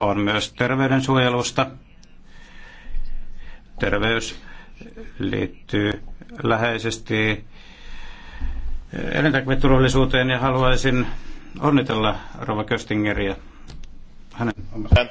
on myös terveydensuojelusta. Terveys liittyy läheisesti elintarviketurvallisuuteen ja haluaisin onnitella Rova Köstingeriä hänen omasta.